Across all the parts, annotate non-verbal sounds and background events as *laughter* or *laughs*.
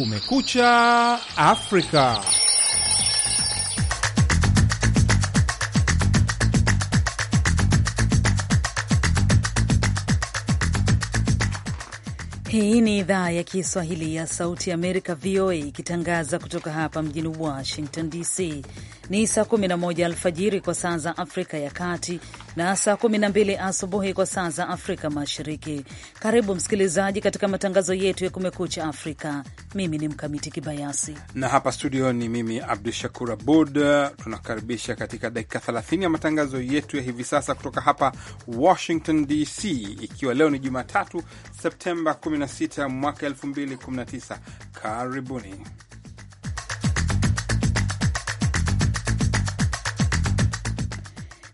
Kumekucha Afrika. Hii ni idhaa ya Kiswahili ya Sauti ya Amerika, VOA, ikitangaza kutoka hapa mjini Washington DC. Ni saa 11 alfajiri kwa saa za Afrika ya Kati, na saa mbili asubuhi kwa saa za Afrika Mashariki. Karibu msikilizaji katika matangazo yetu ya Kumekucha Afrika. Mimi ni Mkamiti Kibayasi na hapa studio ni mimi Abdu Shakur Abud. Tunakaribisha katika dakika 30 ya matangazo yetu ya hivi sasa kutoka hapa Washington DC, ikiwa leo ni Jumatatu Septemba 16 mwaka 2019. Karibuni.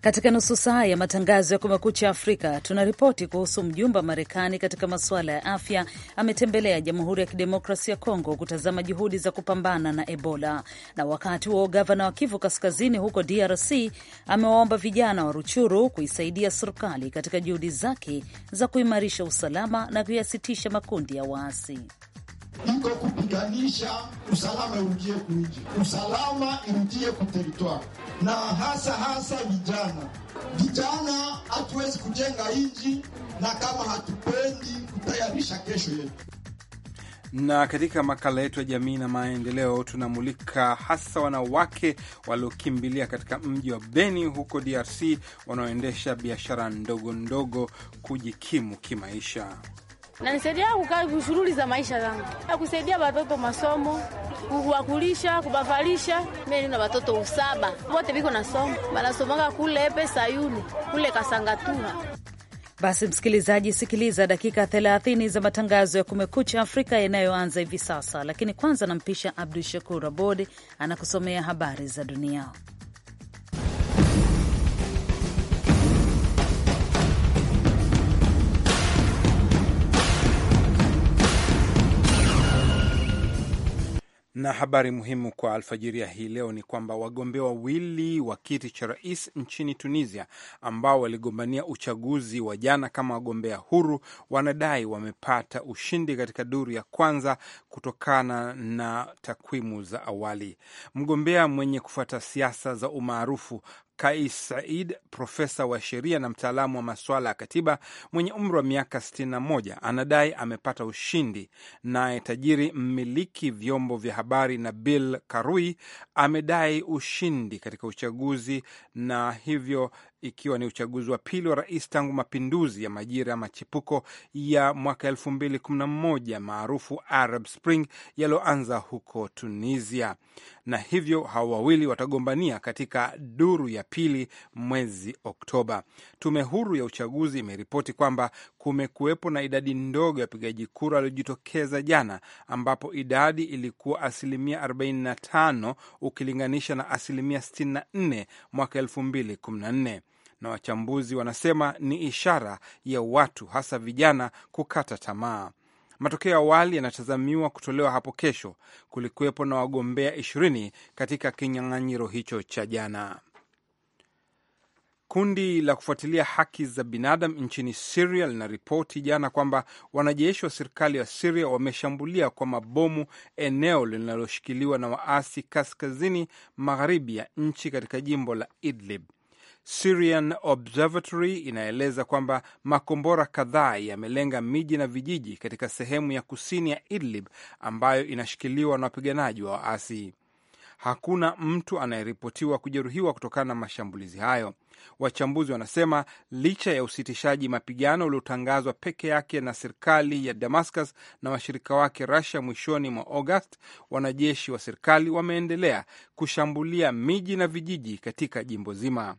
Katika nusu saa ya matangazo ya Kumekucha Afrika tunaripoti kuhusu mjumbe wa Marekani katika masuala ya afya ametembelea Jamhuri ya Kidemokrasia ya Kongo kutazama juhudi za kupambana na Ebola. Na wakati huo gavana wa Kivu Kaskazini huko DRC amewaomba vijana wa Ruchuru kuisaidia serikali katika juhudi zake za kuimarisha usalama na kuyasitisha makundi ya waasi iko kupiganisha usalama irudie kuinji usalama irudie kuteritwari, na hasa hasa vijana. Vijana hatuwezi kujenga inji na kama hatupendi kutayarisha kesho yetu na katika makala yetu ya jamii na maendeleo tunamulika hasa wanawake waliokimbilia katika mji wa Beni huko DRC wanaoendesha biashara ndogo ndogo kujikimu kimaisha nanisaidia kukaa shughuli za maisha zangu, kusaidia watoto masomo, kuwakulisha, kubavalisha. Mimi na watoto usaba wote viko somo, wanasomaga kule sayuni kule Kasangatuha. Basi msikilizaji, sikiliza dakika 30 za matangazo ya Kumekucha Afrika yanayoanza hivi sasa, lakini kwanza nampisha Abdu Shakur Abod anakusomea habari za dunia. Na habari muhimu kwa alfajiri ya hii leo ni kwamba wagombea wawili wa kiti cha rais nchini Tunisia ambao waligombania uchaguzi wa jana kama wagombea huru wanadai wamepata ushindi katika duru ya kwanza kutokana na takwimu za awali. Mgombea mwenye kufuata siasa za umaarufu Kais Said, profesa wa sheria na mtaalamu wa masuala ya katiba mwenye umri wa miaka 61, anadai amepata ushindi. Naye tajiri mmiliki vyombo vya habari Nabil Karui amedai ushindi katika uchaguzi, na hivyo ikiwa ni uchaguzi wa pili wa rais tangu mapinduzi ya majira ya machipuko ya mwaka 2011 maarufu Arab Spring yaliyoanza huko Tunisia na hivyo hawa wawili watagombania katika duru ya pili mwezi Oktoba. Tume huru ya uchaguzi imeripoti kwamba kumekuwepo na idadi ndogo ya wapigaji kura waliojitokeza jana, ambapo idadi ilikuwa asilimia 45 ukilinganisha na asilimia 64 mwaka 2014 na wachambuzi wanasema ni ishara ya watu hasa vijana kukata tamaa. Matokeo ya awali yanatazamiwa kutolewa hapo kesho. Kulikuwepo na wagombea ishirini katika kinyang'anyiro hicho cha jana. Kundi la kufuatilia haki za binadamu nchini Siria linaripoti jana kwamba wanajeshi wa serikali ya Siria wameshambulia kwa mabomu eneo linaloshikiliwa na waasi kaskazini magharibi ya nchi katika jimbo la Idlib. Syrian Observatory inaeleza kwamba makombora kadhaa yamelenga miji na vijiji katika sehemu ya kusini ya Idlib ambayo inashikiliwa na wapiganaji wa waasi. Hakuna mtu anayeripotiwa kujeruhiwa kutokana na mashambulizi hayo. Wachambuzi wanasema licha ya usitishaji mapigano uliotangazwa peke yake na serikali ya Damascus na washirika wake Russia mwishoni mwa August, wanajeshi wa serikali wameendelea kushambulia miji na vijiji katika jimbo zima.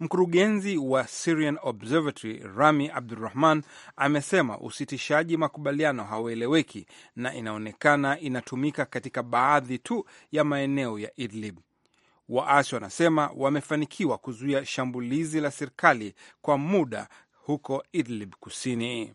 Mkurugenzi wa Syrian Observatory Rami Abdurrahman amesema usitishaji makubaliano haueleweki na inaonekana inatumika katika baadhi tu ya maeneo ya Idlib. Waasi wanasema wamefanikiwa kuzuia shambulizi la serikali kwa muda huko Idlib kusini.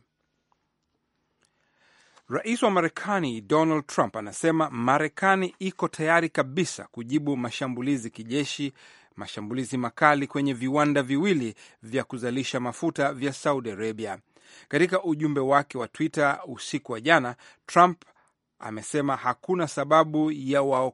Rais wa Marekani Donald Trump anasema Marekani iko tayari kabisa kujibu mashambulizi kijeshi mashambulizi makali kwenye viwanda viwili vya kuzalisha mafuta vya Saudi Arabia. Katika ujumbe wake wa Twitter usiku wa jana, Trump amesema hakuna sababu ya wa,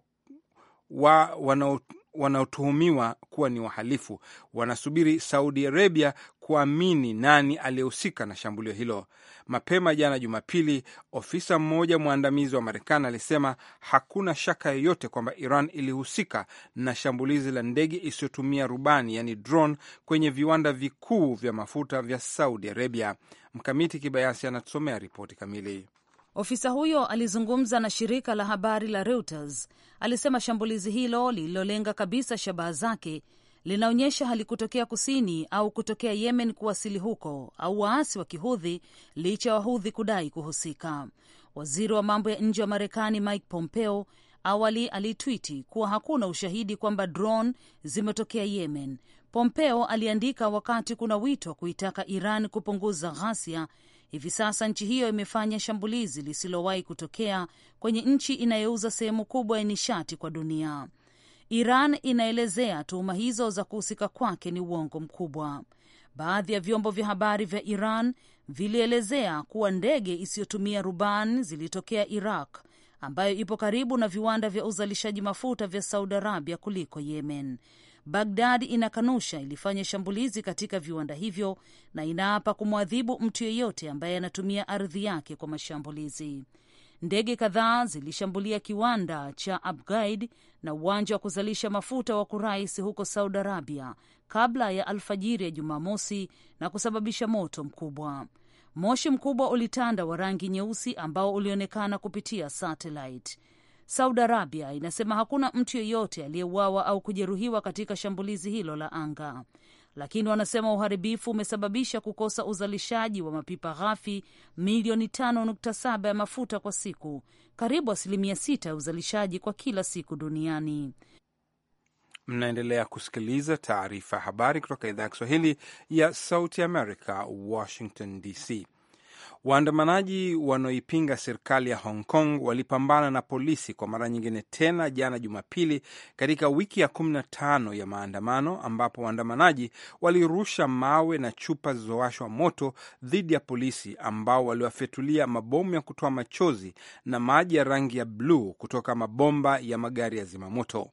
wa, wanao wanaotuhumiwa kuwa ni wahalifu wanasubiri Saudi Arabia kuamini nani aliyehusika na shambulio hilo. Mapema jana Jumapili, ofisa mmoja mwandamizi wa Marekani alisema hakuna shaka yoyote kwamba Iran ilihusika na shambulizi la ndege isiyotumia rubani, yani drone, kwenye viwanda vikuu vya mafuta vya Saudi Arabia. Mkamiti Kibayasi anatusomea ripoti kamili. Ofisa huyo alizungumza na shirika la habari la Reuters, alisema shambulizi hilo lililolenga kabisa shabaha zake linaonyesha halikutokea kusini au kutokea Yemen kuwasili huko au waasi wa Kihudhi, licha ya Wahudhi kudai kuhusika. Waziri wa mambo ya nje wa Marekani Mike Pompeo awali alitwiti kuwa hakuna ushahidi kwamba drone zimetokea Yemen. Pompeo aliandika wakati kuna wito wa kuitaka Iran kupunguza ghasia Hivi sasa nchi hiyo imefanya shambulizi lisilowahi kutokea kwenye nchi inayouza sehemu kubwa ya nishati kwa dunia. Iran inaelezea tuhuma hizo za kuhusika kwake ni uongo mkubwa. Baadhi ya vyombo vya habari vya Iran vilielezea kuwa ndege isiyotumia rubani zilitokea Iraq ambayo ipo karibu na viwanda vya uzalishaji mafuta vya Saudi Arabia kuliko Yemen. Bagdad inakanusha ilifanya shambulizi katika viwanda hivyo na inaapa kumwadhibu mtu yeyote ambaye anatumia ardhi yake kwa mashambulizi. Ndege kadhaa zilishambulia kiwanda cha Abgaid na uwanja wa kuzalisha mafuta wa Kurais huko Saudi Arabia kabla ya alfajiri ya Jumamosi na kusababisha moto mkubwa. Moshi mkubwa ulitanda wa rangi nyeusi ambao ulionekana kupitia satellite. Saudi Arabia inasema hakuna mtu yeyote aliyeuawa au kujeruhiwa katika shambulizi hilo la anga, lakini wanasema uharibifu umesababisha kukosa uzalishaji wa mapipa ghafi milioni 5.7 ya mafuta kwa siku, karibu asilimia sita ya uzalishaji kwa kila siku duniani. Mnaendelea kusikiliza taarifa ya habari kutoka idhaa ya Kiswahili ya Sauti America, Washington DC. Waandamanaji wanaoipinga serikali ya Hong Kong walipambana na polisi kwa mara nyingine tena jana Jumapili, katika wiki ya 15 ya maandamano, ambapo waandamanaji walirusha mawe na chupa zilizowashwa moto dhidi ya polisi ambao waliwafyatulia mabomu ya kutoa machozi na maji ya rangi ya bluu kutoka mabomba ya magari ya zimamoto.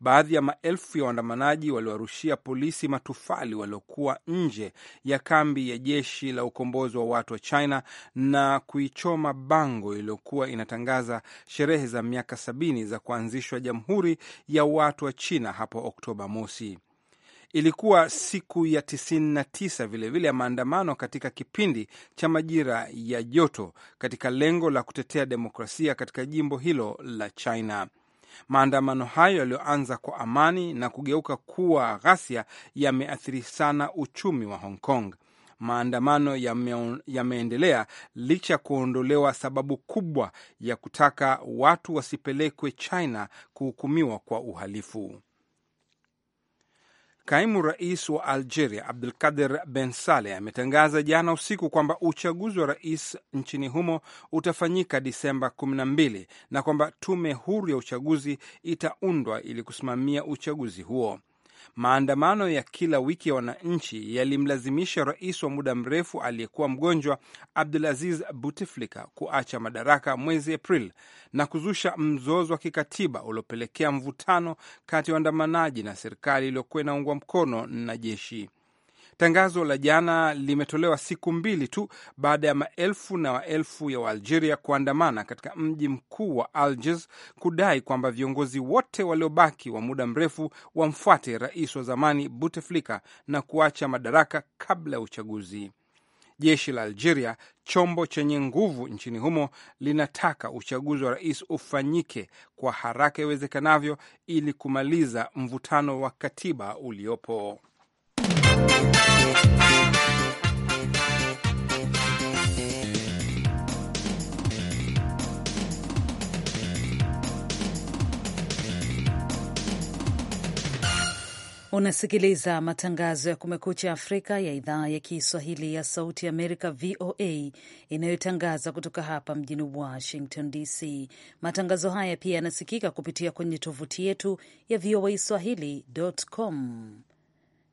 Baadhi ya maelfu ya waandamanaji waliwarushia polisi matufali waliokuwa nje ya kambi ya jeshi la ukombozi wa watu wa China na kuichoma bango iliyokuwa inatangaza sherehe za miaka sabini za kuanzishwa Jamhuri ya Watu wa China hapo Oktoba mosi. Ilikuwa siku ya 99 vilevile ya maandamano katika kipindi cha majira ya joto katika lengo la kutetea demokrasia katika jimbo hilo la China. Maandamano hayo yaliyoanza kwa amani na kugeuka kuwa ghasia yameathiri sana uchumi wa Hong Kong. Maandamano yameendelea licha ya kuondolewa sababu kubwa ya kutaka watu wasipelekwe China kuhukumiwa kwa uhalifu. Kaimu rais wa Algeria Abdulkader Ben Saleh ametangaza jana usiku kwamba uchaguzi wa rais nchini humo utafanyika Disemba 12 na kwamba tume huru ya uchaguzi itaundwa ili kusimamia uchaguzi huo. Maandamano ya kila wiki ya wananchi yalimlazimisha rais wa muda mrefu aliyekuwa mgonjwa Abdulaziz buteflika kuacha madaraka mwezi Aprili na kuzusha mzozo wa kikatiba uliopelekea mvutano kati ya waandamanaji na serikali iliyokuwa inaungwa mkono na jeshi. Tangazo la jana limetolewa siku mbili tu baada ya maelfu na maelfu ya Waalgeria kuandamana katika mji mkuu wa Algiers kudai kwamba viongozi wote waliobaki wa muda mrefu wamfuate rais wa zamani Bouteflika na kuacha madaraka kabla ya uchaguzi. Jeshi la Algeria, chombo chenye nguvu nchini humo, linataka uchaguzi wa rais ufanyike kwa haraka iwezekanavyo ili kumaliza mvutano wa katiba uliopo. Unasikiliza matangazo ya Kumekucha Afrika ya idhaa ya Kiswahili ya Sauti ya Amerika, VOA, inayotangaza kutoka hapa mjini Washington DC. Matangazo haya pia yanasikika kupitia kwenye tovuti yetu ya voa swahilicom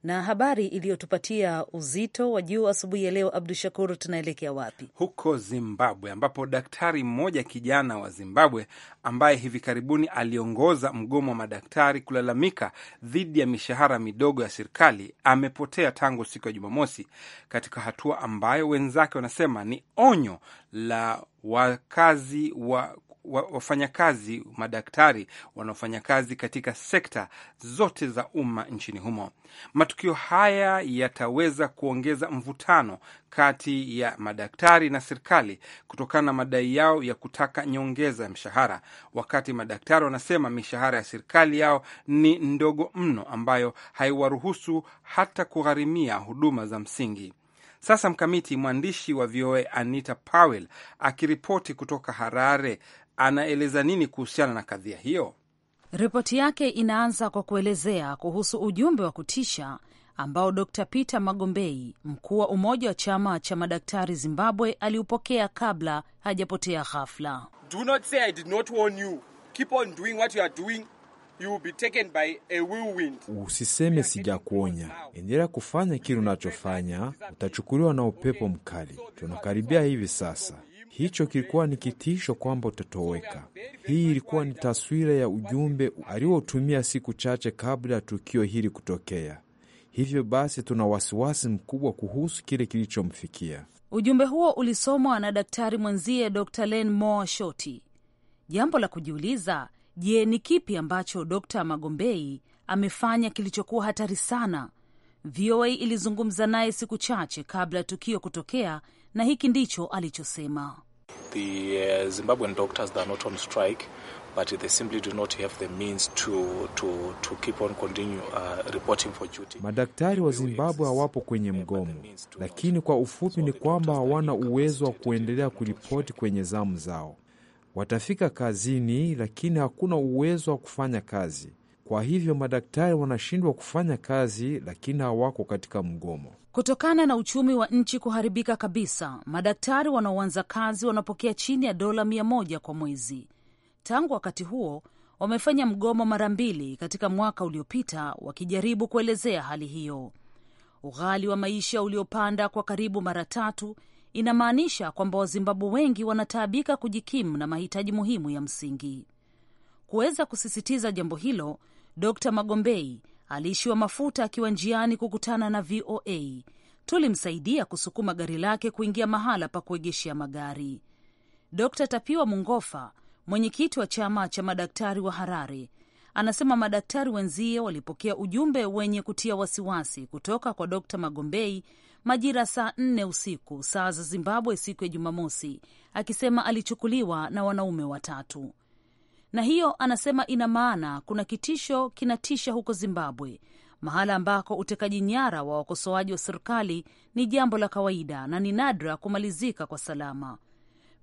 na habari iliyotupatia uzito wa juu asubuhi ya leo, Abdu Shakur, tunaelekea wapi? Huko Zimbabwe, ambapo daktari mmoja kijana wa Zimbabwe ambaye hivi karibuni aliongoza mgomo wa madaktari kulalamika dhidi ya mishahara midogo ya serikali amepotea tangu siku ya Jumamosi, katika hatua ambayo wenzake wanasema ni onyo la wakazi wa wafanyakazi madaktari wanaofanya kazi katika sekta zote za umma nchini humo. Matukio haya yataweza kuongeza mvutano kati ya madaktari na serikali kutokana na madai yao ya kutaka nyongeza ya mshahara, wakati madaktari wanasema mishahara ya serikali yao ni ndogo mno, ambayo haiwaruhusu hata kugharimia huduma za msingi. Sasa mkamiti mwandishi wa VOA Anita Powell akiripoti kutoka Harare anaeleza nini kuhusiana na kadhia hiyo? Ripoti yake inaanza kwa kuelezea kuhusu ujumbe wa kutisha ambao Dr Peter Magombei, mkuu wa umoja wa chama cha madaktari Zimbabwe, aliupokea kabla hajapotea ghafla. Usiseme sijakuonya, endelea kufanya kile unachofanya, utachukuliwa na upepo mkali. Tunakaribia hivi sasa Hicho kilikuwa ni kitisho kwamba utatoweka. Hii ilikuwa ni taswira ya ujumbe aliotumia siku chache kabla ya tukio hili kutokea. Hivyo basi, tuna wasiwasi mkubwa kuhusu kile kilichomfikia. Ujumbe huo ulisomwa na daktari mwenzie Dr Len Moa Shoti. Jambo la kujiuliza, je, ni kipi ambacho Dr Magombei amefanya kilichokuwa hatari sana? VOA ilizungumza naye siku chache kabla ya tukio kutokea, na hiki ndicho alichosema the uh, Zimbabwean doctors that are not on strike, but they simply do not have the means to, to, to keep on continue, uh, reporting for duty. Madaktari wa Zimbabwe hawapo kwenye mgomo, lakini kwa ufupi ni kwamba hawana uwezo wa kuendelea kuripoti kwenye zamu zao. Watafika kazini, lakini hakuna uwezo wa kufanya kazi. Kwa hivyo madaktari wanashindwa kufanya kazi, lakini hawako katika mgomo. Kutokana na uchumi wa nchi kuharibika kabisa, madaktari wanaoanza kazi wanapokea chini ya dola mia moja kwa mwezi. Tangu wakati huo wamefanya mgomo mara mbili katika mwaka uliopita, wakijaribu kuelezea hali hiyo. Ughali wa maisha uliopanda kwa karibu mara tatu inamaanisha kwamba Wazimbabwe wengi wanataabika kujikimu na mahitaji muhimu ya msingi. Kuweza kusisitiza jambo hilo, d Magombei aliishiwa mafuta akiwa njiani kukutana na VOA. Tulimsaidia kusukuma gari lake kuingia mahala pa kuegeshea magari. d Tapiwa Mungofa, mwenyekiti wa chama cha madaktari wa Harare, anasema madaktari wenzie walipokea ujumbe wenye kutia wasiwasi kutoka kwa d Magombei majira saa nne usiku saa za Zimbabwe siku ya Jumamosi, akisema alichukuliwa na wanaume watatu na hiyo anasema ina maana kuna kitisho kinatisha huko Zimbabwe, mahala ambako utekaji nyara wa wakosoaji wa serikali ni jambo la kawaida na ni nadra kumalizika kwa salama.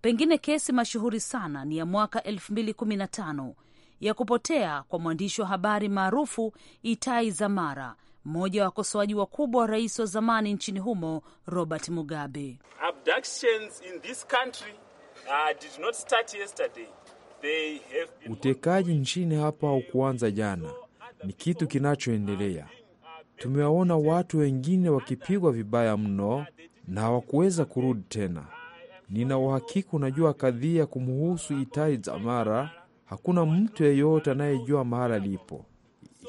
Pengine kesi mashuhuri sana ni ya mwaka 2015 ya kupotea kwa mwandishi wa habari maarufu Itai Zamara, mmoja wa wakosoaji wakubwa wa rais wa zamani nchini humo Robert Mugabe. Abductions in this country, uh, did not start yesterday. Utekaji nchini hapa haukuanza jana, ni kitu kinachoendelea. Tumewaona watu wengine wakipigwa vibaya mno na hawakuweza kurudi tena. Nina uhakika unajua kadhia kumuhusu Itai Zamara. Hakuna mtu yeyote anayejua mahala alipo.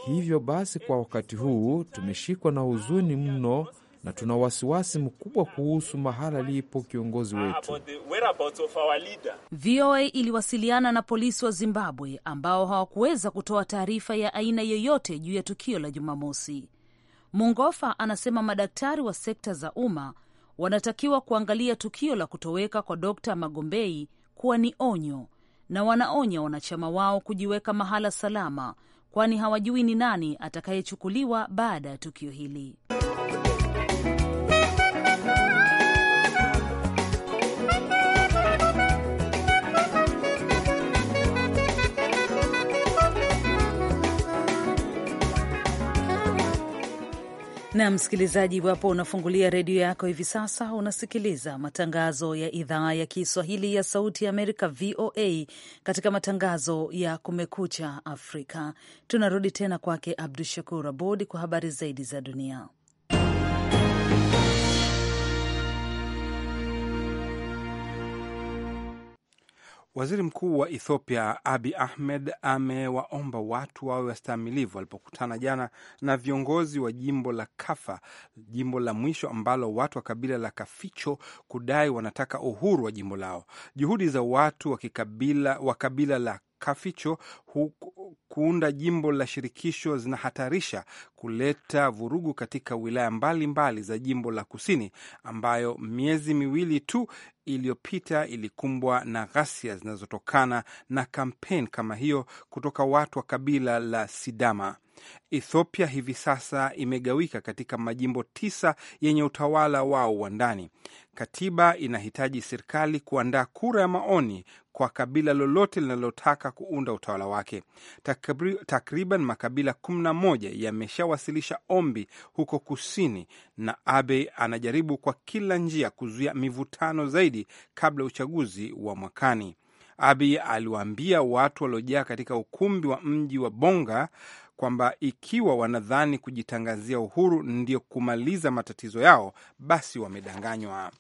Hivyo basi, kwa wakati huu tumeshikwa na huzuni mno na tuna wasiwasi mkubwa kuhusu mahala alipo kiongozi ah, wetu. VOA iliwasiliana na polisi wa Zimbabwe ambao hawakuweza kutoa taarifa ya aina yoyote juu ya tukio la Jumamosi. Mungofa anasema madaktari wa sekta za umma wanatakiwa kuangalia tukio la kutoweka kwa Dr. Magombei kuwa ni onyo, na wanaonya wanachama wao kujiweka mahala salama, kwani hawajui ni nani atakayechukuliwa baada ya tukio hili. na msikilizaji, iwapo unafungulia redio yako hivi sasa, unasikiliza matangazo ya idhaa ya Kiswahili ya Sauti ya Amerika, VOA, katika matangazo ya Kumekucha Afrika. Tunarudi tena kwake Abdu Shakur abod kwa habari zaidi za dunia. Waziri Mkuu wa Ethiopia Abi Ahmed amewaomba watu wawe wastamilivu walipokutana jana na viongozi wa jimbo la Kafa, jimbo la mwisho ambalo watu wa kabila la Kaficho kudai wanataka uhuru wa jimbo lao. Juhudi za watu wa kikabila wa kabila la Kaficho kuunda jimbo la shirikisho zinahatarisha kuleta vurugu katika wilaya mbalimbali mbali za jimbo la Kusini ambayo miezi miwili tu iliyopita ilikumbwa na ghasia zinazotokana na kampeni kama hiyo kutoka watu wa kabila la Sidama. Ethiopia hivi sasa imegawika katika majimbo tisa yenye utawala wao wa ndani. Katiba inahitaji serikali kuandaa kura ya maoni kwa kabila lolote linalotaka kuunda utawala wake. Takriban makabila kumi na moja yameshawasilisha ombi huko kusini, na Abe anajaribu kwa kila njia kuzuia mivutano zaidi kabla ya uchaguzi wa mwakani. Abi aliwaambia watu waliojaa katika ukumbi wa mji wa Bonga kwamba ikiwa wanadhani kujitangazia uhuru ndio kumaliza matatizo yao, basi wamedanganywa.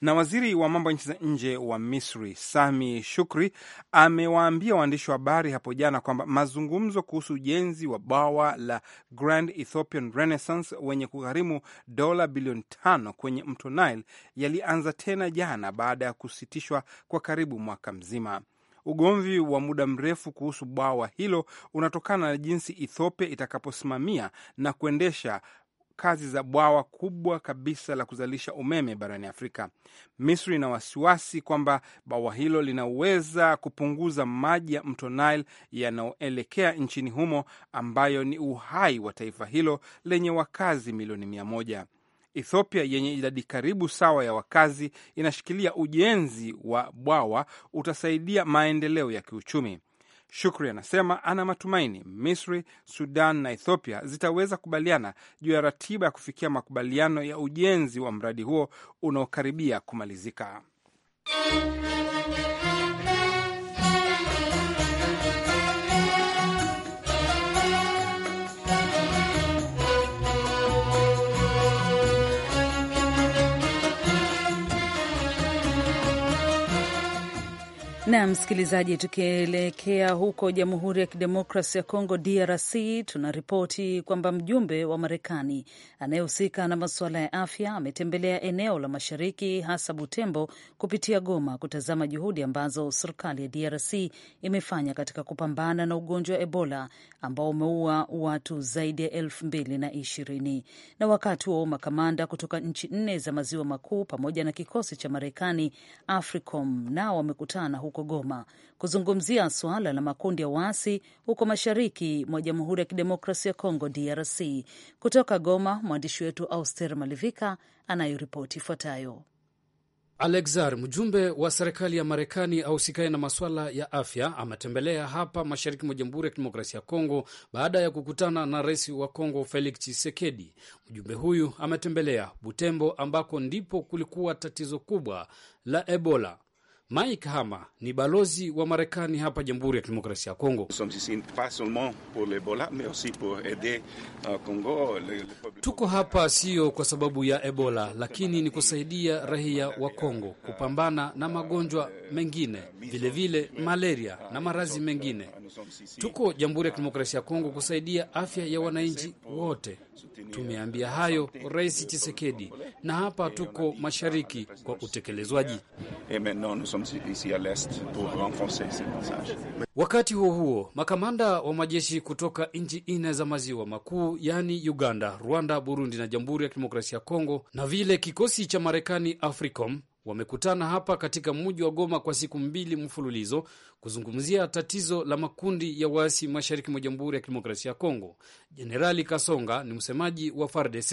Na waziri wa mambo ya nchi za nje wa Misri Sami Shukri amewaambia waandishi wa habari hapo jana kwamba mazungumzo kuhusu ujenzi wa bwawa la Grand Ethiopian Renaissance wenye kugharimu dola bilioni tano kwenye mto Nile yalianza tena jana baada ya kusitishwa kwa karibu mwaka mzima. Ugomvi wa muda mrefu kuhusu bwawa hilo unatokana na jinsi Ethiopia itakaposimamia na kuendesha kazi za bwawa kubwa kabisa la kuzalisha umeme barani Afrika. Misri ina wasiwasi kwamba bwawa hilo linaweza kupunguza maji ya mto Nile yanayoelekea nchini humo, ambayo ni uhai wa taifa hilo lenye wakazi milioni mia moja. Ethiopia yenye idadi karibu sawa ya wakazi inashikilia ujenzi wa bwawa utasaidia maendeleo ya kiuchumi. Shukri anasema ana matumaini Misri, Sudan na Ethiopia zitaweza kubaliana juu ya ratiba ya kufikia makubaliano ya ujenzi wa mradi huo unaokaribia kumalizika. na msikilizaji, tukielekea huko Jamhuri ya Kidemokrasi ya Kongo, DRC, tunaripoti kwamba mjumbe wa Marekani anayehusika na masuala ya afya ametembelea eneo la mashariki, hasa Butembo, kupitia Goma kutazama juhudi ambazo serikali ya DRC imefanya katika kupambana na ugonjwa wa Ebola ambao umeua watu zaidi ya elfu mbili na ishirini. Na wakati huo makamanda kutoka nchi nne za maziwa makuu pamoja na kikosi cha Marekani AFRICOM nao wamekutana huko huko Goma kuzungumzia suala la makundi ya waasi huko mashariki mwa Jamhuri ya Kidemokrasia ya Kongo, DRC. Kutoka Goma, mwandishi wetu Auster Malivika anayoripoti ifuatayo. Alexar, mjumbe wa serikali ya Marekani ahusikani na masuala ya afya, ametembelea hapa mashariki mwa Jamhuri ya Kidemokrasia ya Kongo baada ya kukutana na rais wa Kongo Felix Tshisekedi. Mjumbe huyu ametembelea Butembo ambako ndipo kulikuwa tatizo kubwa la Ebola Mike Hama ni balozi wa Marekani hapa Jamhuri ya Kidemokrasia ya Kongo. Euh, tuko hapa sio kwa sababu ya Ebola, lakini ni kusaidia raia wa Kongo kupambana na magonjwa mengine, vilevile vile malaria na marazi mengine. Tuko Jamhuri ya Kidemokrasia ya Kongo kusaidia afya ya wananchi wote. Tumeambia hayo Rais chisekedi na hapa tuko mashariki kwa utekelezwaji ici à l'Est pour renforcer ce Wakati huo huo, makamanda wa majeshi kutoka nchi nne za maziwa makuu yaani Uganda, Rwanda, Burundi na Jamhuri ya Kidemokrasia ya Kongo na vile kikosi cha Marekani AFRICOM wamekutana hapa katika mji wa Goma kwa siku mbili mfululizo kuzungumzia tatizo la makundi ya waasi mashariki mwa Jamhuri ya Kidemokrasia ya Kongo. Jenerali Kasonga ni msemaji wa FARDC.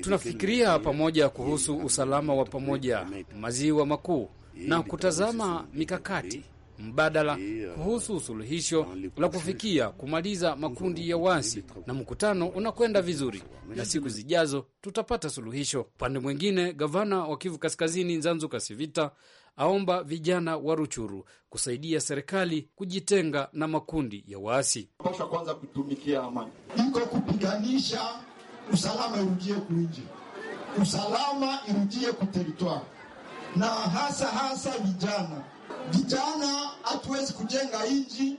Tunafikiria pamoja kuhusu usalama wa pamoja maziwa makuu na kutazama mikakati mbadala kuhusu suluhisho la kufikia kumaliza makundi ya wasi, na mkutano unakwenda vizuri, na siku zijazo tutapata suluhisho. Upande mwingine, gavana wa Kivu Kaskazini Nzanzu Kasivita aomba vijana wa Ruchuru kusaidia serikali kujitenga na makundi ya waasi. Pasha kwanza kutumikia amani, iko kupiganisha usalama irudie kuinje, usalama irudie kuteritwari, na hasa hasa vijana. Vijana hatuwezi kujenga inji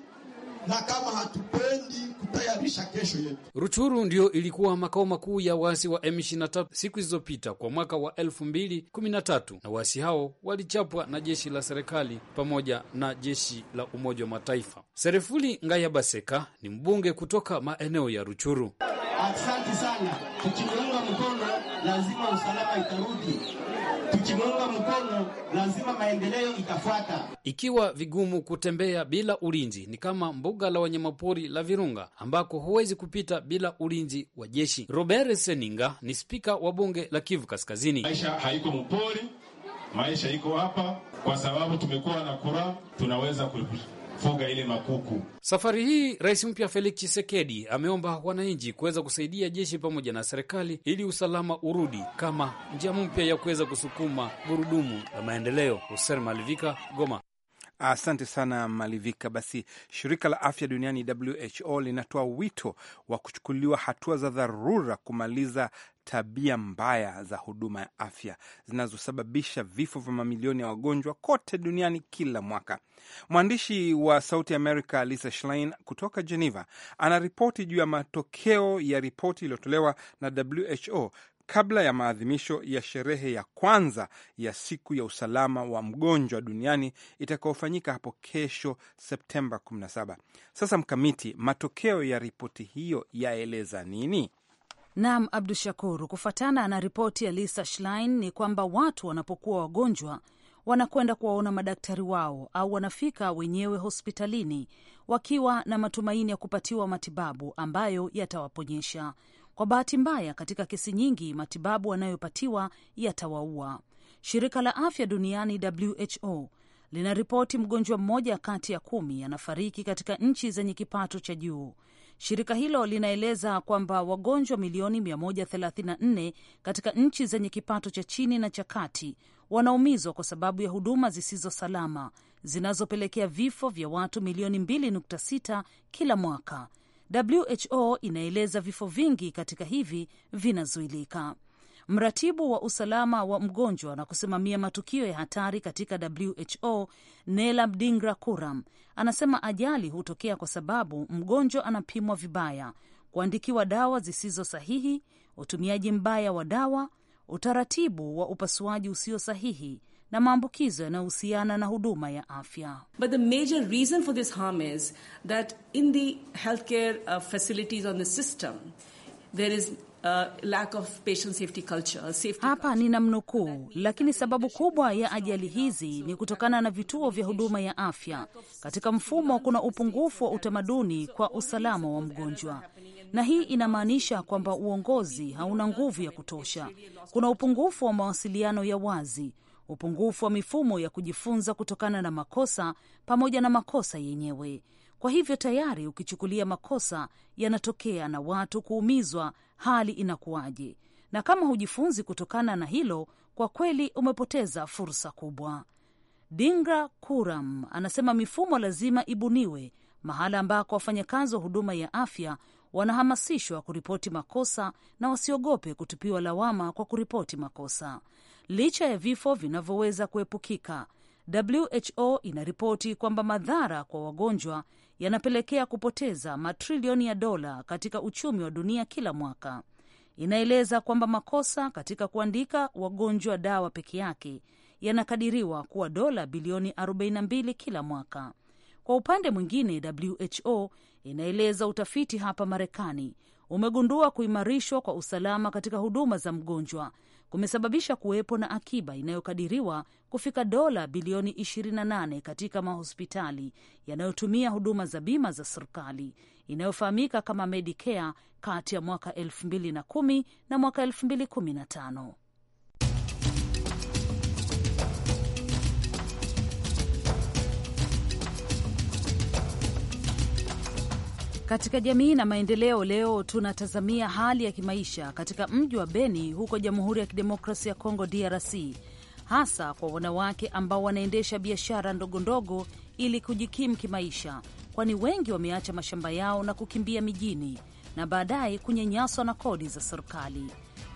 na kama hatupendi kutayarisha kesho yetu. Ruchuru ndio ilikuwa makao makuu ya waasi wa M23 siku zilizopita kwa mwaka wa 2013 na waasi hao walichapwa na jeshi la serikali pamoja na jeshi la Umoja wa Mataifa. Serefuli Ngayabaseka ni mbunge kutoka maeneo ya Ruchuru. Asante sana, tukiunga mkono lazima usalama itarudi tukimuunga mkono, lazima maendeleo itafuata. Ikiwa vigumu kutembea bila ulinzi, ni kama mbuga la wanyamapori la Virunga ambako huwezi kupita bila ulinzi wa jeshi. Robert Seninga ni spika wa bunge la Kivu Kaskazini. Maisha haiko mpori, maisha iko hapa, kwa sababu tumekuwa na kura, tunaweza kulipisha kufuga ile makuku. Safari hii rais mpya Felix chisekedi ameomba wananchi kuweza kusaidia jeshi pamoja na serikali ili usalama urudi kama njia mpya ya kuweza kusukuma gurudumu la maendeleo. Hussein Malivika, Goma. Asante sana Malivika. Basi, shirika la afya duniani WHO linatoa wito wa kuchukuliwa hatua za dharura kumaliza tabia mbaya za huduma ya afya zinazosababisha vifo vya mamilioni ya wagonjwa kote duniani kila mwaka. Mwandishi wa Sauti America Lisa Schlein kutoka Geneva anaripoti juu ya matokeo ya ripoti iliyotolewa na WHO kabla ya maadhimisho ya sherehe ya kwanza ya siku ya usalama wa mgonjwa duniani itakayofanyika hapo kesho Septemba 17. Sasa Mkamiti, matokeo ya ripoti hiyo yaeleza nini? Naam, Abdu Shakur, kufuatana na ripoti ya Lisa Schlein ni kwamba watu wanapokuwa wagonjwa wanakwenda kuwaona madaktari wao au wanafika wenyewe hospitalini wakiwa na matumaini ya kupatiwa matibabu ambayo yatawaponyesha. Kwa bahati mbaya, katika kesi nyingi matibabu wanayopatiwa yatawaua. Shirika la Afya Duniani WHO linaripoti mgonjwa mmoja kati ya kumi anafariki katika nchi zenye kipato cha juu. Shirika hilo linaeleza kwamba wagonjwa milioni 134 katika nchi zenye kipato cha chini na cha kati wanaumizwa kwa sababu ya huduma zisizo salama zinazopelekea vifo vya watu milioni 2.6 kila mwaka. WHO inaeleza vifo vingi katika hivi vinazuilika. Mratibu wa usalama wa mgonjwa na kusimamia matukio ya hatari katika WHO Nela Mdingra Kuram anasema ajali hutokea kwa sababu mgonjwa anapimwa vibaya, kuandikiwa dawa zisizo sahihi, utumiaji mbaya wa dawa, utaratibu wa upasuaji usio sahihi na maambukizo yanayohusiana na huduma ya afya. But the major reason for this harm is that in the healthcare uh, facilities on the system there is Uh, lack of patient safety culture, safety hapa ni mnukuu, lakini sababu kubwa ya ajali hizi ni kutokana na vituo vya huduma ya afya katika mfumo. Kuna upungufu wa utamaduni kwa usalama wa mgonjwa, na hii inamaanisha kwamba uongozi hauna nguvu ya kutosha. Kuna upungufu wa mawasiliano ya wazi, upungufu wa mifumo ya kujifunza kutokana na makosa pamoja na makosa yenyewe. Kwa hivyo tayari ukichukulia makosa yanatokea na watu kuumizwa, hali inakuwaje? Na kama hujifunzi kutokana na hilo, kwa kweli umepoteza fursa kubwa. Dingra Kuram anasema mifumo lazima ibuniwe mahala ambako wafanyakazi wa huduma ya afya wanahamasishwa kuripoti makosa na wasiogope kutupiwa lawama kwa kuripoti makosa. Licha ya vifo vinavyoweza kuepukika, WHO inaripoti kwamba madhara kwa wagonjwa yanapelekea kupoteza matrilioni ya dola katika uchumi wa dunia kila mwaka. Inaeleza kwamba makosa katika kuandika wagonjwa dawa peke yake yanakadiriwa kuwa dola bilioni 42 kila mwaka. Kwa upande mwingine, WHO inaeleza utafiti hapa Marekani umegundua kuimarishwa kwa usalama katika huduma za mgonjwa kumesababisha kuwepo na akiba inayokadiriwa kufika dola bilioni 28 katika mahospitali yanayotumia huduma za bima za serikali inayofahamika kama Medicare kati ya mwaka 2010 na mwaka 2015. Katika jamii na maendeleo, leo tunatazamia hali ya kimaisha katika mji wa Beni huko Jamhuri ya kidemokrasi ya Kongo, DRC, hasa kwa wanawake ambao wanaendesha biashara ndogondogo ili kujikimu kimaisha, kwani wengi wameacha mashamba yao na kukimbia mijini na baadaye kunyanyaswa na kodi za serikali.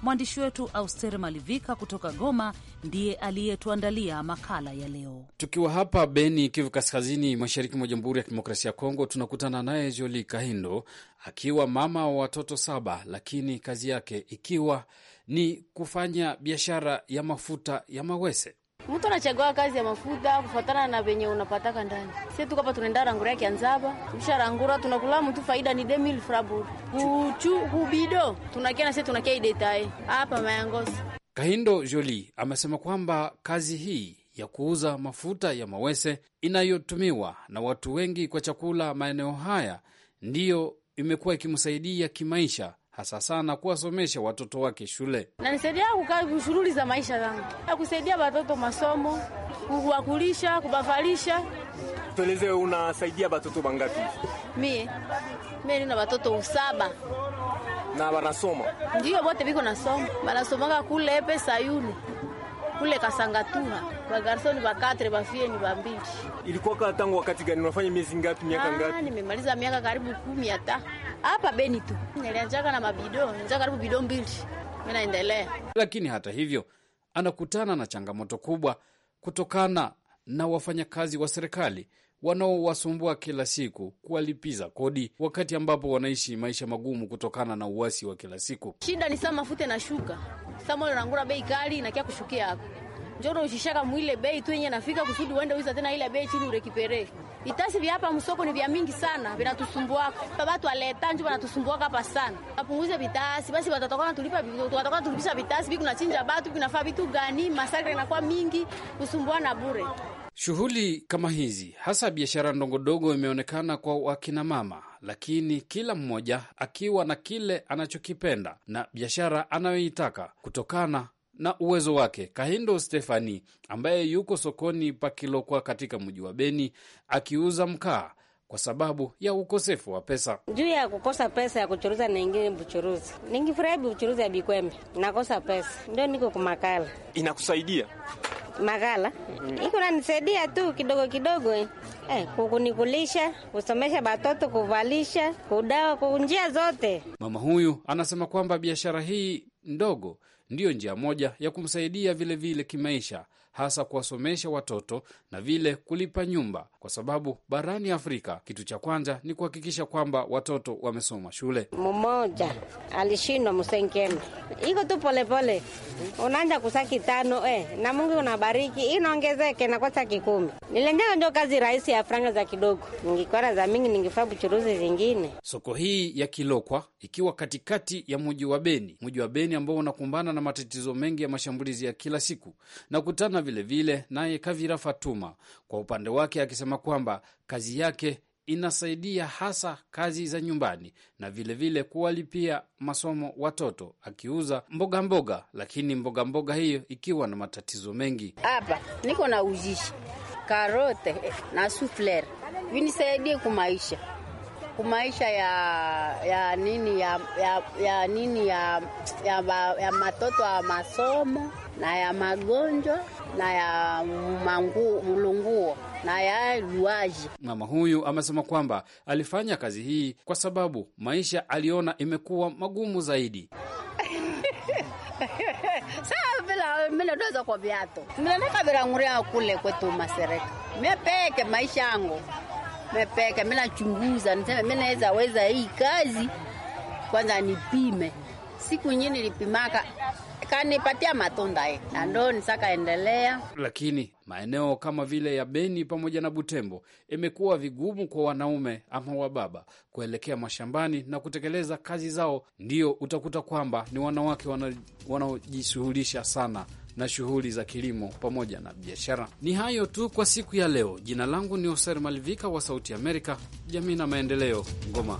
Mwandishi wetu auster Malivika kutoka Goma ndiye aliyetuandalia makala ya leo. Tukiwa hapa Beni, Kivu Kaskazini, mashariki mwa Jamhuri ya Kidemokrasia ya Kongo, tunakutana naye Joli Kahindo akiwa mama wa watoto saba, lakini kazi yake ikiwa ni kufanya biashara ya mafuta ya mawese. Mtu anachagua kazi ya mafuta kufuatana na venye unapataka ndani. Sisi tuko hapa tunaenda rangura ya kianzaba, kisha rangura tunakula mtu faida ni 2000 frabu. Kuchu kubido tunakia na sisi tunakia idetai. Hapa mayangosi. Kahindo Joli amesema kwamba kazi hii ya kuuza mafuta ya mawese inayotumiwa na watu wengi kwa chakula maeneo haya ndiyo imekuwa ikimsaidia kimaisha hasa sana kuwasomesha watoto wake shule. Nanisaidia kukaa shughuli za maisha zangu, kusaidia watoto masomo, kuwakulisha, kubavalisha. Tueleze, unasaidia watoto bangapi? Mie mie nina watoto usaba na wanasoma. Ndio bote viko nasoma, wanasomaga kule epe sayuni kule Kasangatua, bagarsoni bakatre bafieni bambili. Ilikuwa tangu wakati gani? Unafanya miezi ngapi, miaka ah, ngapi? Nimemaliza miaka karibu kumi hata hapa Beni tu nilianzaka na mabido nza karibu bido mbili, mimi naendelea. Lakini hata hivyo anakutana na changamoto kubwa kutokana na wafanyakazi wa serikali wanaowasumbua kila siku kuwalipiza kodi, wakati ambapo wanaishi maisha magumu kutokana na uwasi wa kila siku. Shida ni saa mafuta inashuka, saa moja nangura bei kali inakia kushukia hapo njoro ushishaka mwile bei tu yenye nafika kusudi uende uiza tena ile bei chini urekipere. Itasi vya hapa msoko ni vya mingi sana, vinatusumbua. tu aleta nje wanatusumbua hapa sana. Apunguze vitasi basi, watatoka tulipa watatoka tulipisha vitasi biku na chinja batu nafaa vitu gani? Masakre inakuwa mingi, kusumbua na bure. Shughuli kama hizi hasa biashara ndogondogo imeonekana kwa wakina mama, lakini kila mmoja akiwa na kile anachokipenda na biashara anayoitaka kutokana na uwezo wake. Kahindo Stefani ambaye yuko sokoni pakilokwa katika mji wa Beni akiuza mkaa kwa sababu ya ukosefu wa pesa. Juu ya kukosa pesa ya kuchuruza naingine buchuruzi, ningifurahi buchuruzi ya bikwembe, nakosa pesa ndio niko kumakala. Inakusaidia makala mm. iko nanisaidia tu kidogo kidogo eh, eh kunikulisha, kusomesha batoto, kuvalisha, kudawa, kunjia zote. Mama huyu anasema kwamba biashara hii ndogo ndiyo njia moja ya kumsaidia vilevile vile kimaisha, hasa kuwasomesha watoto na vile kulipa nyumba, kwa sababu barani Afrika kitu cha kwanza ni kuhakikisha kwamba watoto wamesoma shule. Mmoja alishindwa Msenkeme, iko tu polepole, unaanja kusaki tano eh, na Mungu unabariki inaongezeke na kwasa kikumi. Nilenjana ndio kazi rahisi ya franga za kidogo, ningikwara za mingi ningifaa buchuruzi zingine. Soko hii ya Kilokwa ikiwa katikati ya muji wa Beni, muji wa Beni ambao unakumbana na matatizo mengi ya mashambulizi ya kila siku na kutana vilevile naye Kavira Fatuma kwa upande wake akisema kwamba kazi yake inasaidia hasa kazi za nyumbani na vilevile kuwalipia masomo watoto, akiuza mboga mboga, lakini mboga mboga hiyo ikiwa na matatizo mengi. Hapa niko na uzishi karote eh, na sufler, vinisaidie kumaisha kumaisha ya ya nini ya, ya, ya nini ya, ya, ya matoto ya masomo na ya magonjwa na ya mlunguo na ya luaji. Mama huyu amesema kwamba alifanya kazi hii kwa sababu maisha aliona imekuwa magumu zaidi. *laughs* kule kwetu Masereka, maisha yangu niseme naweza weza hii kazi, kwanza nipime. Siku nyingine nilipimaka kanipatia matunda eh, na ndo nisakaendelea. Lakini maeneo kama vile ya Beni pamoja na Butembo imekuwa vigumu kwa wanaume ama wababa kuelekea mashambani na kutekeleza kazi zao, ndio utakuta kwamba ni wanawake wanaojishughulisha sana na shughuli za kilimo pamoja na biashara. Ni hayo tu kwa siku ya leo. Jina langu ni Hoser Malivika wa Sauti Amerika, jamii na maendeleo, Ngoma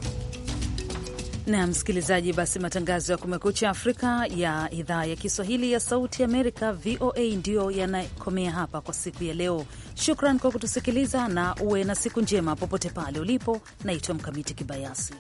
na msikilizaji, basi matangazo ya Kumekucha Afrika ya idhaa ya Kiswahili ya Sauti Amerika, VOA, ndiyo yanakomea hapa kwa siku ya leo. Shukran kwa kutusikiliza na uwe na siku njema popote pale ulipo. Naitwa Mkamiti Kibayasi.